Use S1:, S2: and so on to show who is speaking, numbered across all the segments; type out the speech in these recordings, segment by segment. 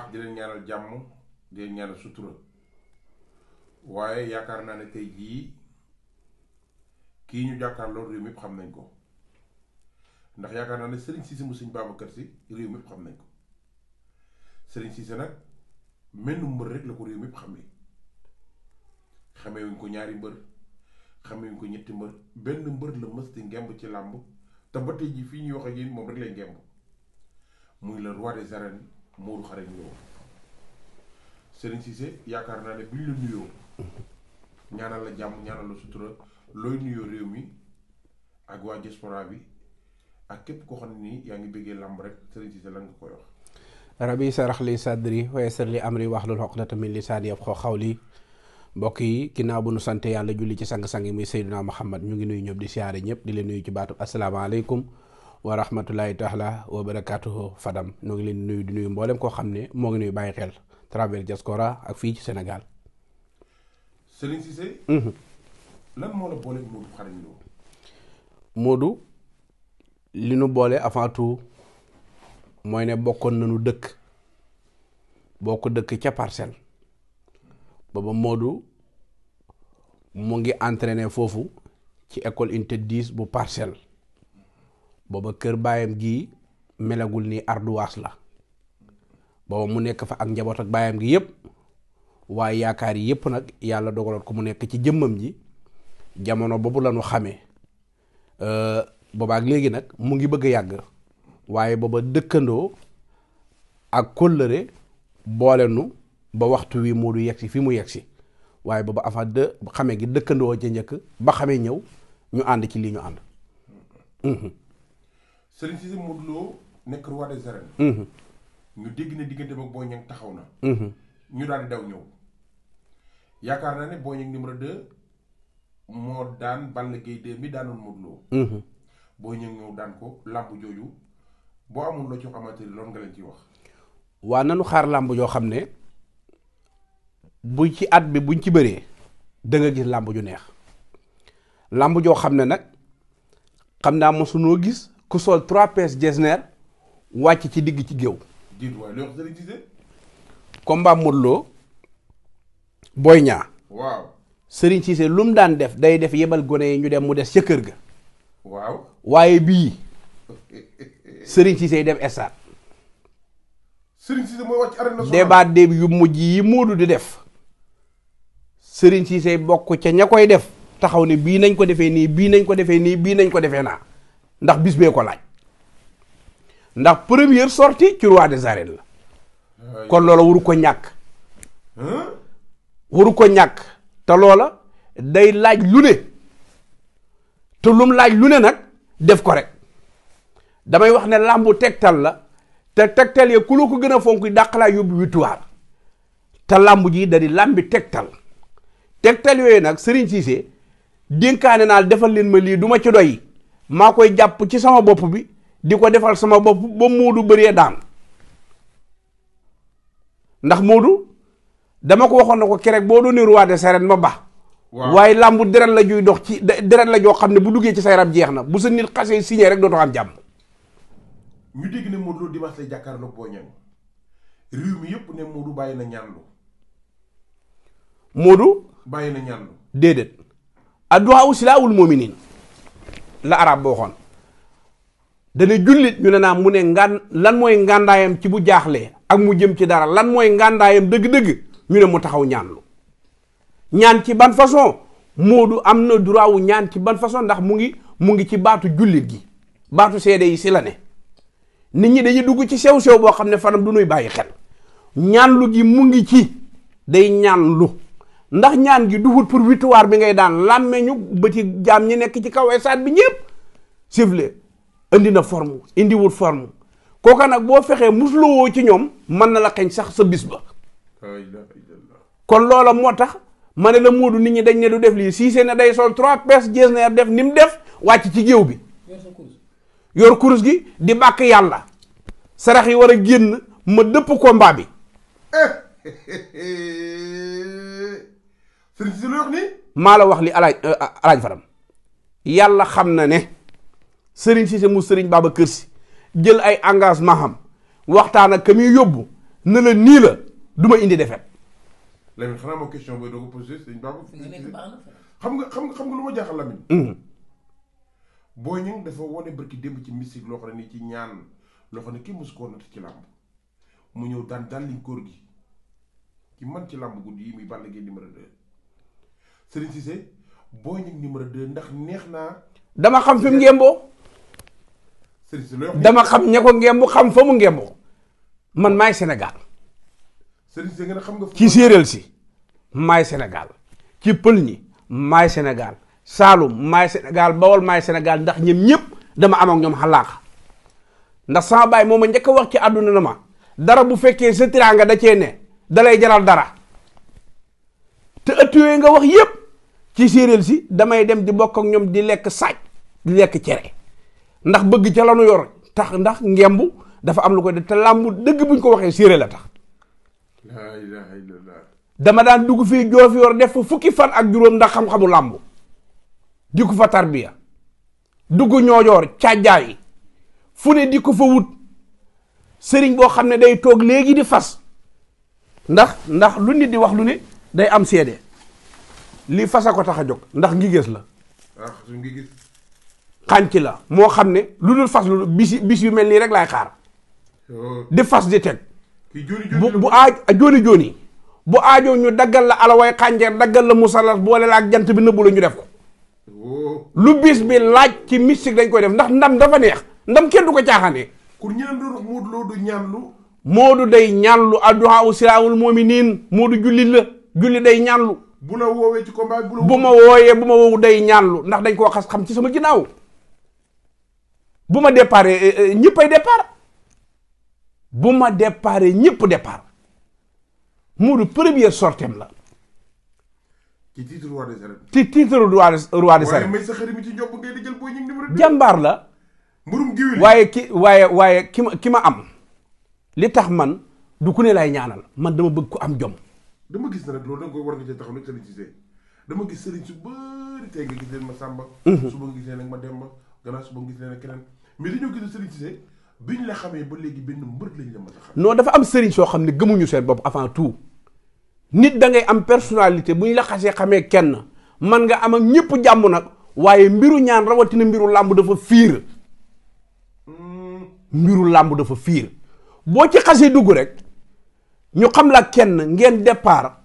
S1: baax di leen ñaanal jàmm di leen ñaanal sutura waaye yaakaar naa ne tey jii kii ñu jàkkaarloo réew mi xam nañ ko ndax yaakaar naa ne Serigne Cissé mu Serigne Babacar Sy réew mi xam nañ ko Serigne Cissé nag menn mbër rek la ko réew mi xamee xamee wuñ ko ñaari mbër xamee wuñ ko ñetti mbër benn mbër la mësti di ngemb ci làmb te ba tey jii fii ñuy wax ak yéen moom rek lay ngemb muy le roi des arènes. Modou Xarañ Lo Serigne Cissé yaakaar naa ne bu ñu la nuyoo ñaanal la jàmm ñaanal la sutura looy nuyoo réew mi ak waa diaspora bi ak képp koo xam ne nii yaa ngi bëggee làmb rek Serigne Cissé lan nga koy wax.
S2: rabi sarax li sadri wa yassir li amri wahlul uqdatan min lisaani yafqahu qawli mbokk yi bu nu sant yàlla julli ci sang-sang yi muy Seydina Muhammad ñu ngi nuy ñëpp di siyaare ñëpp di leen nuyu ci baatu asalaamaaleykum. wa rahmatullahi taala wa barakatuhu fadam ñoo leen di nuyu di nuyu mboolem koo xam ne moo ngi nuyu bàyyi xel travers diaspora ak fii ci senegal Serigne mhm.
S1: moo la boole Modou Xarañ Lo.
S2: Modou li nu boole avant mooy ne bokkoon nañu dëkk bokk dëkk ca parcelle booba Modou mu ngi entraîné foofu ci école unité 10 bu parcelle. booba kër baayam gi melagul ni arduwaas la booba mu nekk fa ak njaboot ak baayam gi yépp waaye yaakaar yi yépp nag yàlla dogaloon ko mu nekk ci jëmmam ji jamono boobu lañu xamee euh, boobaak léegi nag mu ngi bëgg a yàgg waaye booba dëkkandoo ak kóllëre boole nu ba waxtu wi moo du yegsi fi mu yegsi waaye booba avant de xame gi dëkkandoo ca njëkk ba xame ñëw ñu ànd ci lii ñu ànd
S1: Serigne Cissé Modou Lo nekk roi des arènes. Mhm. ñu dégg ne diggante ak Boy Niang taxaw na. Mhm. ñu daal di daw ñëw. yaakaar naa ne Boy Niang numéro 2 moo daan Balla Gaye 2 mi daanoon Modou Lo. Mhm. Boy Niang ñëw daan ko làmb jooju boo amul loo ci xamante ni loolu nga leen ciy wax.
S2: waa nanu xaar làmb joo xam ne bu ci at bi buñ ci bëree da nga gis làmb ju neex làmb joo xam ne nag xam naa mosunoo gis ku sol trois pièces jesner wàcc ci digg ci géew. combat Modou Lo Boy Niang. waaw Serigne lu mu daan def day def yebal gone yi ñu dem mu des ca kër ga. waaw waaye bii Serigne Cissé dem stade.
S1: Serigne Cissé mooy
S2: yu mujj yi Modou di def Serigne yi bokk ca ña koy def taxaw ne bii nañ ko defee nii bii nañ ko defee nii bii nañ ko defee naa. ndax bisbee ko laaj ndax première sorti ci roi des arènes la kon loola waru ko ñàkk waru ko ñàkk te loola day laaj lu ne te lum laaj lu ne nag def ko rek damay wax ne làmbu tegtal la te tegtal ya ku la ko gën a fonk dàq laa yóbbu victoire te làmb ji da di làmbi tegtal tegtal yooyu nag Serigne Cissé dénkaane naa defal leen ma lii duma ma ci doy makoy koy jàpp ci sama bop bi di defal sama bop ba modou bëree daan ndax modou dama ko waxon nako ko kerek boo doonee roi des arènes ma ba. waaye lambu deret la juy dox ci deret la jo xamne jam. bu duggé ci sa yaram jeex bu sunil xasse signé rek to am
S1: ñu dégg né Modou lay bo rew mi yépp né Modou na ñaan lu. Modou. baye na ñaan lu.
S2: dedet adduwaa usilaa ul muminin. la arab boo xoon dana jullit ñu ne naa mu ne ngan lan mooy ngàndaayam ci bu jaaxlee ak mu jëm ci dara lan mooy ngàndaayam dëgg-dëgg ñu ne mu taxaw ñaanlu ñaan ci ban façon moodu am na droit wu ñaan ci ban façon ndax mu ngi mu ngi ci baatu jullit gi baatu seede yi si la ne nit ñi dañuy dugg ci sew-sew boo xam ne fanam du nuy bàyyi xel ñaanlu gi mu ngi ci day ñaan lu ndax ñaan gi du duhut pour victoire bi ngay daan làmmeñu ba ci jaam ñi nekk ci kaw esaat bi ñëpp sifle indi na forme indi wut forme kooka nag boo fexee muslowoo ci ñoom mën na la xeñ sax sa bis ba kon loola moo tax ma ne la Moodu nit ñi dañ ne du def lii Cissé ne day sol trois pes jees na def ni mu def wàcc ci géew bi yor kurus gi di bàkk yàlla sarax yi war a génn ma dëpp combat bi
S1: sëriñ
S2: maa la wax li alaaj euh, ah, alaaj Fadam yàlla xam na ne sëriñ Cissé mu sëriñ Baba Kër si jël ay engagement am waxtaan ak ka muy yóbbu ne la nii la duma indi defet.
S1: Lamine xanaa moo question booy doo ko posé xam nga xam nga xam nga lu ma jaaxal Lamine. Mm-hmm. Boy Niang dafa wane barki démb ci mystique loo xam ne nii ci ñaan loo xam ne kii mos koo natt ci làmb mu ñëw daan daan liñ kóor gi ci man ci làmb guddi yi muy Balla Gaye numéro 2. Serigne Cissé Boy Niang numéro
S2: dama xam fi mu dama xam ñekko ko xam fa mu ngémboo man maay senegal
S1: Serigne xam nga.
S2: ci séeréel si may senegal ci pël ñi maay Sénégal Saalum maay senegal Bawol may senegal ndax ñoom ñëpp dama am ak ñoom xalaaxa ndax sama baay moom ma njëkk a wax ci àdduna na ma dara bu fekkee sa tiraanga da cee ne dalay jaral dara te ëtt nga wax yépp ci si damay dem di bok ak ñom di lek saaj di lek ciéré ndax bëgg ci lañu yor tax ndax ngembu dafa am lu ko def te làmb dëgg buñ ko waxé séeréel la tax dama daan dugg fi joofi yor def fukki fan ak juroom ndax xam-xamu lamb di ko fa tarbiya dugg ñoojoor ciajaay fu ne di ko fa wut sëriñ bo xamné day tok légui di fas ndax ndax lu nit di wax lu ne day am sédé li fasa ko tax a jóg ndax ngigées la. Ah, xànc la moo xam ne lu dul fas lu bis yu mel nii rek laay xaar. Oh. di fas di teg. bu bu aaj jooni jooni bu aajoo ñu daggal la alaway xànceer daggal la musalas boole la ak jant bi nëbbu la ñu def ko. Oh. lu bis bi laaj ci mystique dañ koy def ndax ndam dafa neex ndam kenn du ko caaxaanee.
S1: pour ñaandu Modou Lo du ñaanlu.
S2: Modou day ñaanlu adduhaa u silaahul jullit la julli day ñaanlu.
S1: bu la woowee ci combat bu la. ma wooyee bu
S2: ma woowu day ñaan ñaanlu ndax dañ koo xas xam ci sama ginnaaw bu ma départ eh, eh, ñëppay départ bu ma départ ñëpp départ Modou première sortem la.
S1: ci titre roi des arènes.
S2: ci titre roi des roi des
S1: mi ci njob ngay di jël
S2: booy ñu numéro jàmbaar la. mburum waaye ki waaye waaye ki ma ki ma am. li tax man du ku ne lay ñaanal man dama bëgg ku am jom.
S1: dama gis na nag loolu da nga koy war nga cee taxaw nag Serigne Cissé dama gis Serigne su bëri tey nga gis leen ma Samba. Mhm. suba nga gis leen ak ma Demba gannaaw suba nga gis leen ak keneen mais li ñoo gis Serigne Cissé biñ la xamee ba léegi benn mbër lañ la
S2: mën a dafa am Serigne soo xam ne gëmuñu seen bopp avant tout nit da ngay am personnalité bu ñu xamee kenn man nga am ak ñëpp jàmm nag waaye mbiru ñaan rawatina mbiru làmb dafa fiir hmm. mbiru làmb dafa fiir boo ci xasee dugg rek. ñu xam la kenn ngeen départ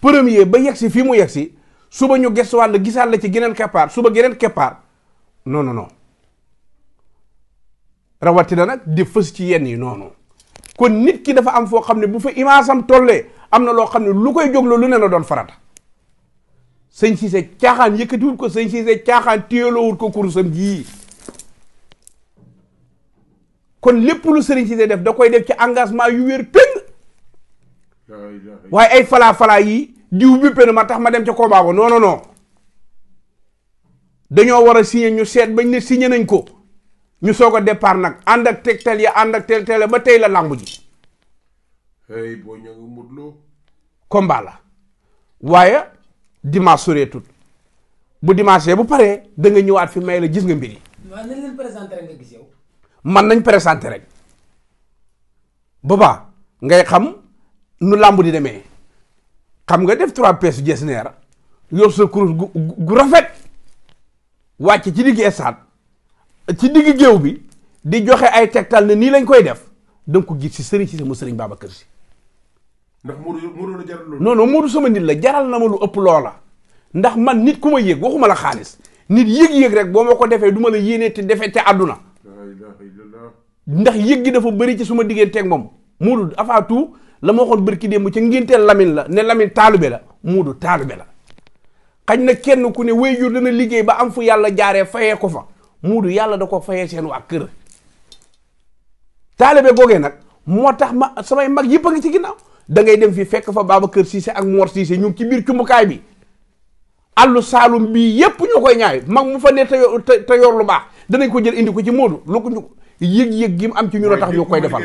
S2: premier ba yegg si fii mu yegg si suba ñu gëstuwaat la gisaat la ci geneen keppaar suba geneen keppaar non non non rawatina nag di fës ci yenn yi noonu kon nit ki dafa am foo xam ne bu fa imaasam tollee am na loo xam ne lu koy jógloo lu ne la doon farata sëñ Cissé caaxaan yëkkatiwul ko sëñ Cissé caaxaan téyeloowul ko kurusam ji kon lépp lu sëriñ Cissé def da koy def ci engagement yu wér péng waaye ay falaa falaa yi diw béppé na ma tax ma dem ca combat ba non non non dañoo war a signé ñu seet bañ ne signé nañ ko ñu soog a départ nag ànd ak tegtal ya ànd ak tegtal ya ba tey la làmb ji. hey boo la waaye dimanche soreetut bu dimanche bu paree da nga ñëwaat fi may la gis nga mbir yi. waaw nañ man nañ présenté rek. boobaa ngay xam. nu làmb di demee xam nga def trois pièces jees neer yor sa kurus gu gu rafet wàcc ci digg estaat ci digg géew bi di joxe ay tegtal ne nii lañ koy def danga ko gis si sëriñ si sama sëriñ Babacar Si
S1: ndax Modou Modou la jaral
S2: loolu sama nit la jaral na ma lu ëpp loola ndax man nit ku ma yëg waxuma la xaalis nit yëg-yëg rek boo ma ko defee du ma la yéenee te defee te àdduna ndax yëg gi dafa bari ci suma digganteeg moom Modou avant tout la ma waxoon bërki démb ca ngénteel Lamine la ne Lamine taalube la muudu taalube la xañ na kenn ku ne wéyjur dana liggéey ba am fu yàlla jaaree fayee ko fa muudu yàlla da ko fayee seen waa kër taalube googee nag moo tax ma samay mag yëpp a ngi ci ginnaaw da ngay dem fii fekk fa baaba Babacar Cissé ak Mor Cissé ñu ngi ci biir cumbukaay bi àllu saalum bii yépp ñoo koy ñaay mag mu fa ne te lu baax danañ ko jël indi ko ci Moodu lu ko ñu yëg-yëg gi mu am ci ñu la tax koy defal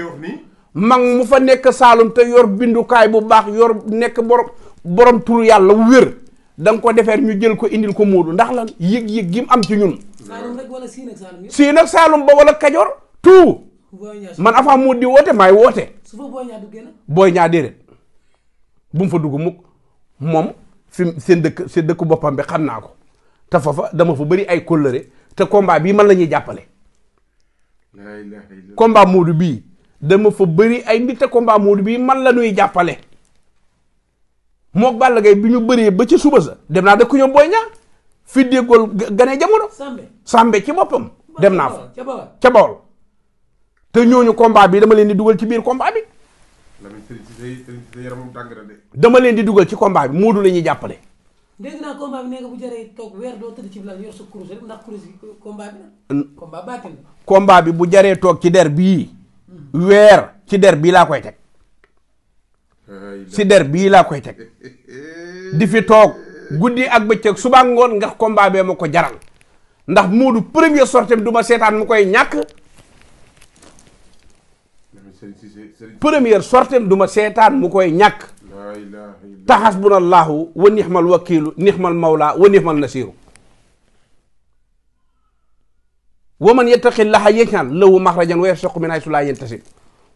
S2: mag mu fa nekk saalum te yor bindukaay bu baax yor nekk borom borom tuur yàlla wér danga ko defee ñu jël ko indil ko Moodu ndax lan yëg-yëg gi mu am si ñun.
S1: Saalum rek wala Siin Saalum.
S2: Siin ak ba wala Kajoor tout. man avant mu di woote maay woote. su fa Boy Niang duggee nag. Boy bu mu fa dugg muk moom fi seen dëkk seen dëkk boppam bi xam naa ko te fafa dama fa bari ay kóllëre te combat bii man la ñuy jàppale. combat Moodu bii. dama fa bëri ay nit a combat Modou bi man la ñuy jàppale mook Balla bi ñu bëree ba ci suba sa dem naa dëkk ñoom Boy Niang fi déggool gane jamono Sàmbe ci boppam dem naa fa ca bool te ñooñu combat bi dama leen di dugal ci biir combat bi dama leen di dugal ci combat bi Modou la ñuy jàppale
S1: naa combat bi nee nga bu jaree toog weer doo tëdd ci village yor sa kurus rek ndax
S2: bi bu jaree toog ci der bii Where ci der bi la koy tek si der bi la koy tek di fi tok gudi ak bëccëg suba ngon nga combat be mako jaral ndax modou premier sortem duma setan mu koy ñak premier sortem duma setan mu koy ñàkk tahasbunallahu wa ni'mal wakiilu ni'mal mawla wa ni'mal nasir ومن يتق الله يجعل له مخرجا ويرزقه من حيث لا يحتسب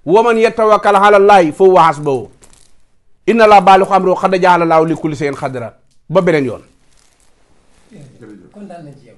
S2: ومن يتوكل على الله فهو حسبه إن الله بالغ أمره قد جعل الله لكل شيء قدرا كون
S1: دا نجي